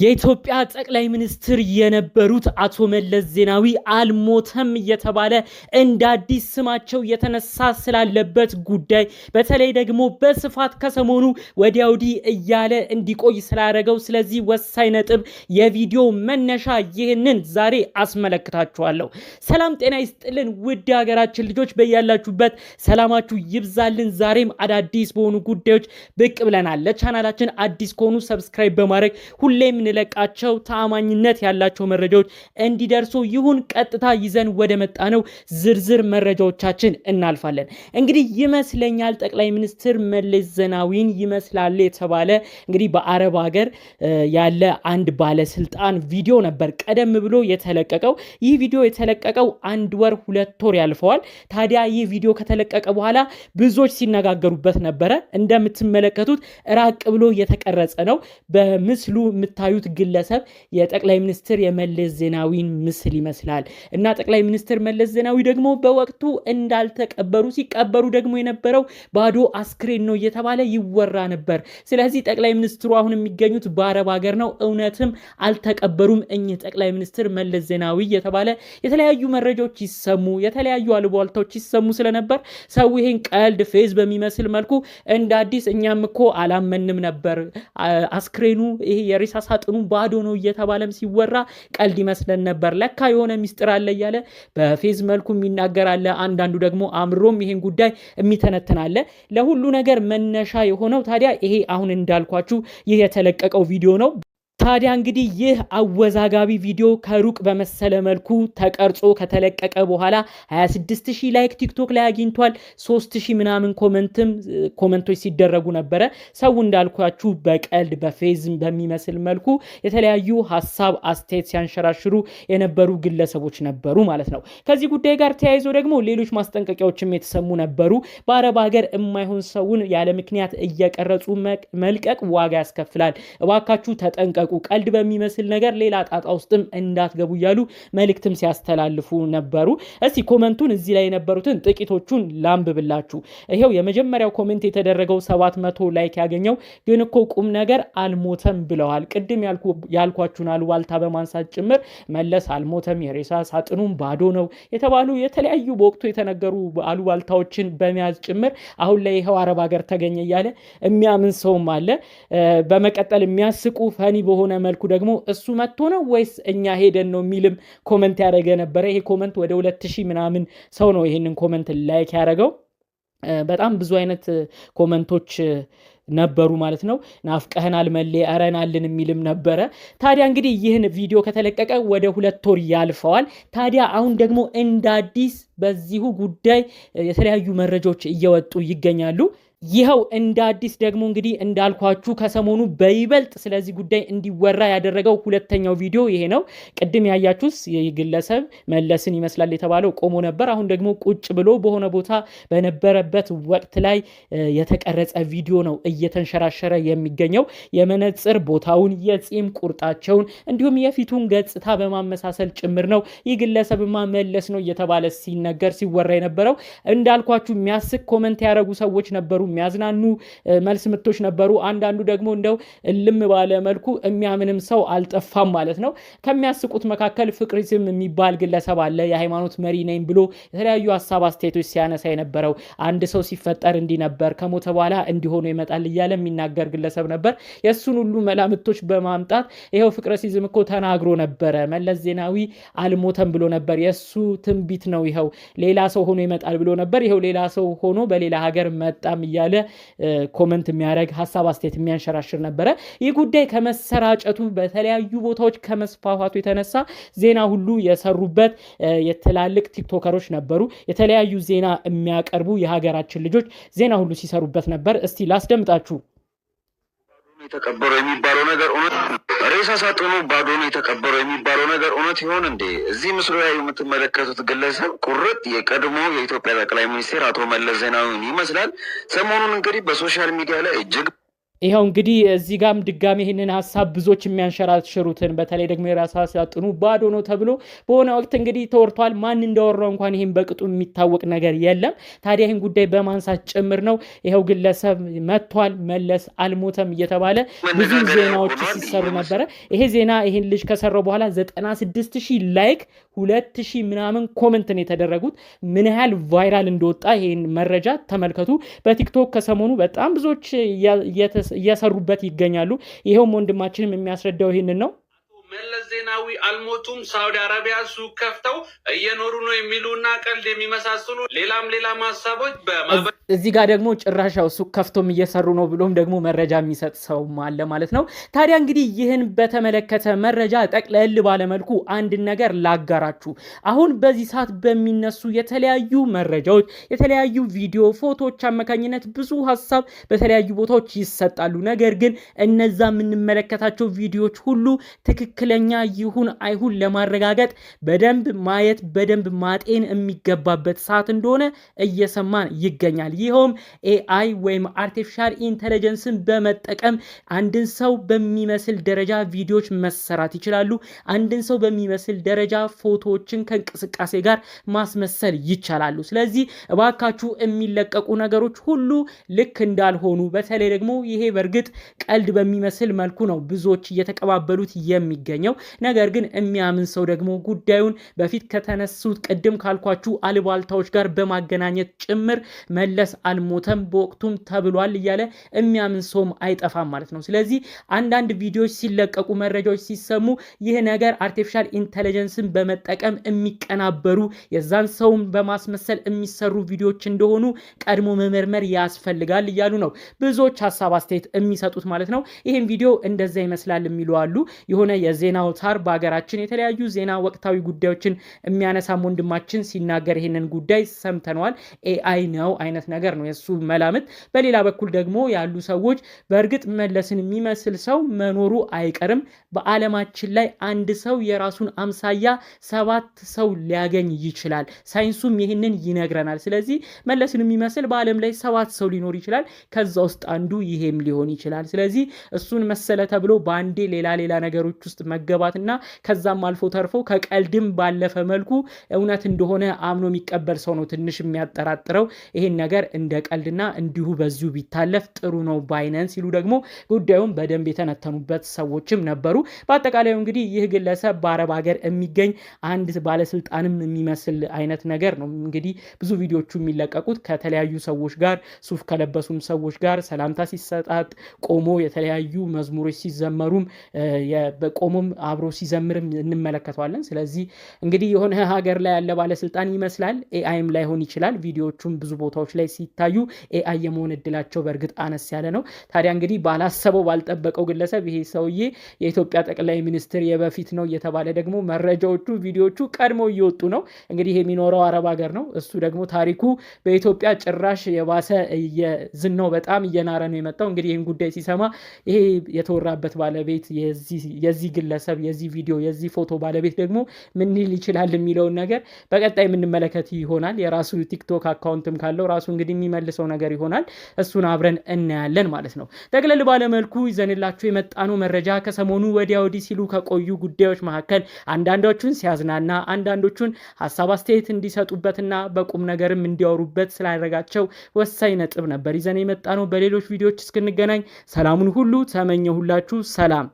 የኢትዮጵያ ጠቅላይ ሚኒስትር የነበሩት አቶ መለስ ዜናዊ አልሞተም እየተባለ እንደ አዲስ ስማቸው የተነሳ ስላለበት ጉዳይ በተለይ ደግሞ በስፋት ከሰሞኑ ወዲያ ወዲህ እያለ እንዲቆይ ስላደረገው ስለዚህ ወሳኝ ነጥብ የቪዲዮ መነሻ ይህንን ዛሬ አስመለክታችኋለሁ። ሰላም ጤና ይስጥልን ውድ ሀገራችን ልጆች በያላችሁበት ሰላማችሁ ይብዛልን። ዛሬም አዳዲስ በሆኑ ጉዳዮች ብቅ ብለናል። ለቻናላችን አዲስ ከሆኑ ሰብስክራይብ በማድረግ ሁሌም የምንለቃቸው ተአማኝነት ያላቸው መረጃዎች እንዲደርሱ ይሁን። ቀጥታ ይዘን ወደ መጣ ነው ዝርዝር መረጃዎቻችን እናልፋለን። እንግዲህ ይመስለኛል ጠቅላይ ሚኒስትር መለስ ዜናዊን ይመስላል የተባለ እንግዲህ በአረብ ሀገር ያለ አንድ ባለስልጣን ቪዲዮ ነበር ቀደም ብሎ የተለቀቀው። ይህ ቪዲዮ የተለቀቀው አንድ ወር ሁለት ወር ያልፈዋል። ታዲያ ይህ ቪዲዮ ከተለቀቀ በኋላ ብዙዎች ሲነጋገሩበት ነበረ። እንደምትመለከቱት ራቅ ብሎ የተቀረጸ ነው። በምስሉ የምታ የምታዩት ግለሰብ የጠቅላይ ሚኒስትር የመለስ ዜናዊን ምስል ይመስላል እና ጠቅላይ ሚኒስትር መለስ ዜናዊ ደግሞ በወቅቱ እንዳልተቀበሩ ሲቀበሩ ደግሞ የነበረው ባዶ አስክሬን ነው እየተባለ ይወራ ነበር። ስለዚህ ጠቅላይ ሚኒስትሩ አሁን የሚገኙት በአረብ ሀገር ነው። እውነትም አልተቀበሩም እኚህ ጠቅላይ ሚኒስትር መለስ ዜናዊ የተባለ የተለያዩ መረጃዎች ይሰሙ፣ የተለያዩ አልቧልታዎች ይሰሙ ስለነበር ሰው ይሄን ቀልድ ፌዝ በሚመስል መልኩ እንደ አዲስ እኛም እኮ አላመንም ነበር አስክሬኑ ይሄ የሬሳ ሳጥኑ ባዶ ነው እየተባለም ሲወራ ቀልድ ይመስለን ነበር። ለካ የሆነ ሚስጥር አለ እያለ በፌዝ መልኩ የሚናገራለ፣ አንዳንዱ ደግሞ አምሮም ይሄን ጉዳይ የሚተነትናለ። ለሁሉ ነገር መነሻ የሆነው ታዲያ ይሄ አሁን እንዳልኳችሁ ይህ የተለቀቀው ቪዲዮ ነው። ታዲያ እንግዲህ ይህ አወዛጋቢ ቪዲዮ ከሩቅ በመሰለ መልኩ ተቀርጾ ከተለቀቀ በኋላ 26000 ላይክ ቲክቶክ ላይ አግኝቷል። 3000 ምናምን ኮመንትም ኮመንቶች ሲደረጉ ነበረ። ሰው እንዳልኳችሁ በቀልድ በፌዝ በሚመስል መልኩ የተለያዩ ሀሳብ አስተያየት ሲያንሸራሽሩ የነበሩ ግለሰቦች ነበሩ ማለት ነው። ከዚህ ጉዳይ ጋር ተያይዞ ደግሞ ሌሎች ማስጠንቀቂያዎችም የተሰሙ ነበሩ። በአረብ ሀገር የማይሆን ሰውን ያለ ምክንያት እየቀረጹ መልቀቅ ዋጋ ያስከፍላል፣ እባካችሁ ተጠንቀቁ ተጠንቀቁ፣ ቀልድ በሚመስል ነገር ሌላ ጣጣ ውስጥም እንዳትገቡ እያሉ መልእክትም ሲያስተላልፉ ነበሩ። እስቲ ኮመንቱን እዚህ ላይ የነበሩትን ጥቂቶቹን ላንብብላችሁ። ይሄው የመጀመሪያው ኮሜንት የተደረገው ሰባት መቶ ላይክ ያገኘው ግን እኮ ቁም ነገር አልሞተም ብለዋል። ቅድም ያልኳችሁን አሉባልታ በማንሳት ጭምር መለስ አልሞተም፣ የሬሳ ሳጥኑም ባዶ ነው የተባሉ የተለያዩ በወቅቱ የተነገሩ አሉባልታዎችን በመያዝ ጭምር አሁን ላይ ይኸው አረብ ሀገር ተገኘ እያለ የሚያምን ሰውም አለ። በመቀጠል የሚያስቁ ፈኒ በሆ በሆነ መልኩ ደግሞ እሱ መጥቶ ነው ወይስ እኛ ሄደን ነው የሚልም ኮመንት ያደረገ ነበረ። ይሄ ኮመንት ወደ ሁለት ሺህ ምናምን ሰው ነው ይህንን ኮመንት ላይክ ያደረገው። በጣም ብዙ አይነት ኮመንቶች ነበሩ ማለት ነው። ናፍቀህናል መሌ አረናልን የሚልም ነበረ። ታዲያ እንግዲህ ይህን ቪዲዮ ከተለቀቀ ወደ ሁለት ወር ያልፈዋል። ታዲያ አሁን ደግሞ እንደ አዲስ በዚሁ ጉዳይ የተለያዩ መረጃዎች እየወጡ ይገኛሉ። ይኸው እንደ አዲስ ደግሞ እንግዲህ እንዳልኳችሁ ከሰሞኑ በይበልጥ ስለዚህ ጉዳይ እንዲወራ ያደረገው ሁለተኛው ቪዲዮ ይሄ ነው። ቅድም ያያችሁስ ግለሰብ መለስን ይመስላል የተባለው ቆሞ ነበር። አሁን ደግሞ ቁጭ ብሎ በሆነ ቦታ በነበረበት ወቅት ላይ የተቀረጸ ቪዲዮ ነው እየተንሸራሸረ የሚገኘው። የመነጽር ቦታውን፣ የፂም ቁርጣቸውን እንዲሁም የፊቱን ገጽታ በማመሳሰል ጭምር ነው። ይህ ግለሰብማ መለስ ነው እየተባለ ሲነገር ሲወራ የነበረው። እንዳልኳችሁ የሚያስቅ ኮመንት ያደረጉ ሰዎች ነበሩ የሚያዝናኑ መልስ ምቶች ነበሩ። አንዳንዱ ደግሞ እንደው እልም ባለ መልኩ የሚያምንም ሰው አልጠፋም ማለት ነው። ከሚያስቁት መካከል ፍቅሪዝም የሚባል ግለሰብ አለ። የሃይማኖት መሪ ነኝ ብሎ የተለያዩ ሀሳብ አስተያየቶች ሲያነሳ የነበረው አንድ ሰው ሲፈጠር እንዲህ ነበር፣ ከሞተ በኋላ እንዲሆኑ ይመጣል እያለ የሚናገር ግለሰብ ነበር። የእሱን ሁሉ መላምቶች በማምጣት ይኸው ፍቅረሲዝም እኮ ተናግሮ ነበረ፣ መለስ ዜናዊ አልሞተም ብሎ ነበር፣ የእሱ ትንቢት ነው፣ ይኸው ሌላ ሰው ሆኖ ይመጣል ብሎ ነበር፣ ይኸው ሌላ ሰው ሆኖ በሌላ ሀገር መጣም እያ እያለ ኮመንት የሚያደርግ ሀሳብ አስተያየት የሚያንሸራሽር ነበረ። ይህ ጉዳይ ከመሰራጨቱ በተለያዩ ቦታዎች ከመስፋፋቱ የተነሳ ዜና ሁሉ የሰሩበት የትላልቅ ቲክቶከሮች ነበሩ። የተለያዩ ዜና የሚያቀርቡ የሀገራችን ልጆች ዜና ሁሉ ሲሰሩበት ነበር። እስቲ ላስደምጣችሁ። የተቀበረው የሚባለው ነገር እውነት ሬሳ ሳጥኑ ባዶ ነው የተቀበረው የሚባለው ነገር እውነት ይሆን እንዴ? እዚህ ምስሉ ላይ የምትመለከቱት ግለሰብ ቁርጥ የቀድሞ የኢትዮጵያ ጠቅላይ ሚኒስቴር አቶ መለስ ዜናዊን ይመስላል። ሰሞኑን እንግዲህ በሶሻል ሚዲያ ላይ እጅግ ይኸው እንግዲህ እዚህ ጋም ድጋሚ ይህንን ሀሳብ ብዙዎች የሚያንሸራሽሩትን በተለይ ደግሞ የራስ ሲያጥኑ ባዶ ነው ተብሎ በሆነ ወቅት እንግዲህ ተወርቷል። ማን እንዳወራው እንኳን ይህን በቅጡ የሚታወቅ ነገር የለም። ታዲያ ይህን ጉዳይ በማንሳት ጭምር ነው ይኸው ግለሰብ መጥቷል፣ መለስ አልሞተም እየተባለ ብዙ ዜናዎች ሲሰሩ ነበረ። ይሄ ዜና ይህን ልጅ ከሰራው በኋላ 96 ሺህ ላይክ፣ 2 ሺህ ምናምን ኮመንት ነው የተደረጉት። ምን ያህል ቫይራል እንደወጣ ይህን መረጃ ተመልከቱ። በቲክቶክ ከሰሞኑ በጣም ብዙዎች እየሰሩበት ይገኛሉ። ይኸውም ወንድማችንም የሚያስረዳው ይህንን ነው። ኢትዮጵያዊ አልሞቱም፣ ሳውዲ አረቢያ ሱቅ ከፍተው እየኖሩ ነው የሚሉና ቀልድ የሚመሳስሉ ሌላም ሌላም ሀሳቦች እዚህ ጋር ደግሞ ጭራሻው ሱቅ ከፍቶም እየሰሩ ነው ብሎም ደግሞ መረጃ የሚሰጥ ሰውም አለ ማለት ነው። ታዲያ እንግዲህ ይህን በተመለከተ መረጃ ጠቅለል ባለመልኩ አንድ ነገር ላጋራችሁ። አሁን በዚህ ሰዓት በሚነሱ የተለያዩ መረጃዎች፣ የተለያዩ ቪዲዮ ፎቶዎች አማካኝነት ብዙ ሀሳብ በተለያዩ ቦታዎች ይሰጣሉ። ነገር ግን እነዛ የምንመለከታቸው ቪዲዮዎች ሁሉ ትክክለኛ ይሁን አይሁን ለማረጋገጥ በደንብ ማየት በደንብ ማጤን የሚገባበት ሰዓት እንደሆነ እየሰማን ይገኛል። ይኸውም ኤአይ ወይም አርቲፊሻል ኢንተለጀንስን በመጠቀም አንድን ሰው በሚመስል ደረጃ ቪዲዮዎች መሰራት ይችላሉ። አንድን ሰው በሚመስል ደረጃ ፎቶዎችን ከእንቅስቃሴ ጋር ማስመሰል ይቻላሉ። ስለዚህ እባካችሁ የሚለቀቁ ነገሮች ሁሉ ልክ እንዳልሆኑ በተለይ ደግሞ ይሄ በእርግጥ ቀልድ በሚመስል መልኩ ነው ብዙዎች እየተቀባበሉት የሚገኘው ነገር ነገር ግን የሚያምን ሰው ደግሞ ጉዳዩን በፊት ከተነሱት ቅድም ካልኳችሁ አልባልታዎች ጋር በማገናኘት ጭምር መለስ አልሞተም በወቅቱም ተብሏል እያለ የሚያምን ሰውም አይጠፋም ማለት ነው። ስለዚህ አንዳንድ ቪዲዮዎች ሲለቀቁ፣ መረጃዎች ሲሰሙ ይህ ነገር አርቲፊሻል ኢንተለጀንስን በመጠቀም የሚቀናበሩ የዛን ሰውም በማስመሰል የሚሰሩ ቪዲዮዎች እንደሆኑ ቀድሞ መመርመር ያስፈልጋል እያሉ ነው ብዙዎች ሀሳብ አስተያየት የሚሰጡት ማለት ነው። ይህም ቪዲዮ እንደዛ ይመስላል የሚሉ አሉ። የሆነ የዜና አውታር በሀገራችን የተለያዩ ዜና፣ ወቅታዊ ጉዳዮችን የሚያነሳም ወንድማችን ሲናገር ይህንን ጉዳይ ሰምተነዋል። ኤአይ ነው አይነት ነገር ነው የእሱ መላምት። በሌላ በኩል ደግሞ ያሉ ሰዎች በእርግጥ መለስን የሚመስል ሰው መኖሩ አይቀርም። በዓለማችን ላይ አንድ ሰው የራሱን አምሳያ ሰባት ሰው ሊያገኝ ይችላል። ሳይንሱም ይህንን ይነግረናል። ስለዚህ መለስን የሚመስል በዓለም ላይ ሰባት ሰው ሊኖር ይችላል። ከዛ ውስጥ አንዱ ይሄም ሊሆን ይችላል። ስለዚህ እሱን መሰለ ተብሎ በአንዴ ሌላ ሌላ ነገሮች ውስጥ መገባትና እና ከዛም አልፎ ተርፎ ከቀልድም ባለፈ መልኩ እውነት እንደሆነ አምኖ የሚቀበል ሰው ነው ትንሽ የሚያጠራጥረው። ይሄን ነገር እንደ ቀልድና እንዲሁ በዚሁ ቢታለፍ ጥሩ ነው ባይነን ሲሉ ደግሞ ጉዳዩን በደንብ የተነተኑበት ሰዎችም ነበሩ። በአጠቃላዩ እንግዲህ ይህ ግለሰብ በአረብ ሀገር የሚገኝ አንድ ባለስልጣንም የሚመስል አይነት ነገር ነው። እንግዲህ ብዙ ቪዲዮቹ የሚለቀቁት ከተለያዩ ሰዎች ጋር ሱፍ ከለበሱም ሰዎች ጋር ሰላምታ ሲሰጣጥ ቆሞ የተለያዩ መዝሙሮች ሲዘመሩም ቆሞም አብሮ ሲዘምርም እንመለከተዋለን። ስለዚህ እንግዲህ የሆነ ሀገር ላይ ያለ ባለስልጣን ይመስላል። ኤአይም ላይሆን ይችላል። ቪዲዮዎቹም ብዙ ቦታዎች ላይ ሲታዩ ኤአይ የመሆን እድላቸው በእርግጥ አነስ ያለ ነው። ታዲያ እንግዲህ ባላሰበው ባልጠበቀው ግለሰብ ይሄ ሰውዬ የኢትዮጵያ ጠቅላይ ሚኒስትር የበፊት ነው እየተባለ ደግሞ መረጃዎቹ ቪዲዮዎቹ ቀድሞ እየወጡ ነው። እንግዲህ የሚኖረው አረብ ሀገር ነው። እሱ ደግሞ ታሪኩ በኢትዮጵያ ጭራሽ የባሰ ዝናው በጣም እየናረ ነው የመጣው። እንግዲህ ይህን ጉዳይ ሲሰማ ይሄ የተወራበት ባለቤት የዚህ ግለሰብ የዚህ ቪዲዮ የዚህ ፎቶ ባለቤት ደግሞ ምን ሊል ይችላል የሚለውን ነገር በቀጣይ የምንመለከት ይሆናል። የራሱ ቲክቶክ አካውንትም ካለው ራሱ እንግዲህ የሚመልሰው ነገር ይሆናል። እሱን አብረን እናያለን ማለት ነው። ጠቅለል ባለመልኩ ይዘንላችሁ የመጣነው መረጃ ከሰሞኑ ወዲያ ወዲህ ሲሉ ከቆዩ ጉዳዮች መካከል አንዳንዶቹን ሲያዝናና፣ አንዳንዶቹን ሀሳብ አስተያየት እንዲሰጡበትና በቁም ነገርም እንዲያወሩበት ስላደረጋቸው ወሳኝ ነጥብ ነበር ይዘን ነው። በሌሎች ቪዲዮዎች እስክንገናኝ ሰላሙን ሁሉ ተመኘሁላችሁ። ሰላም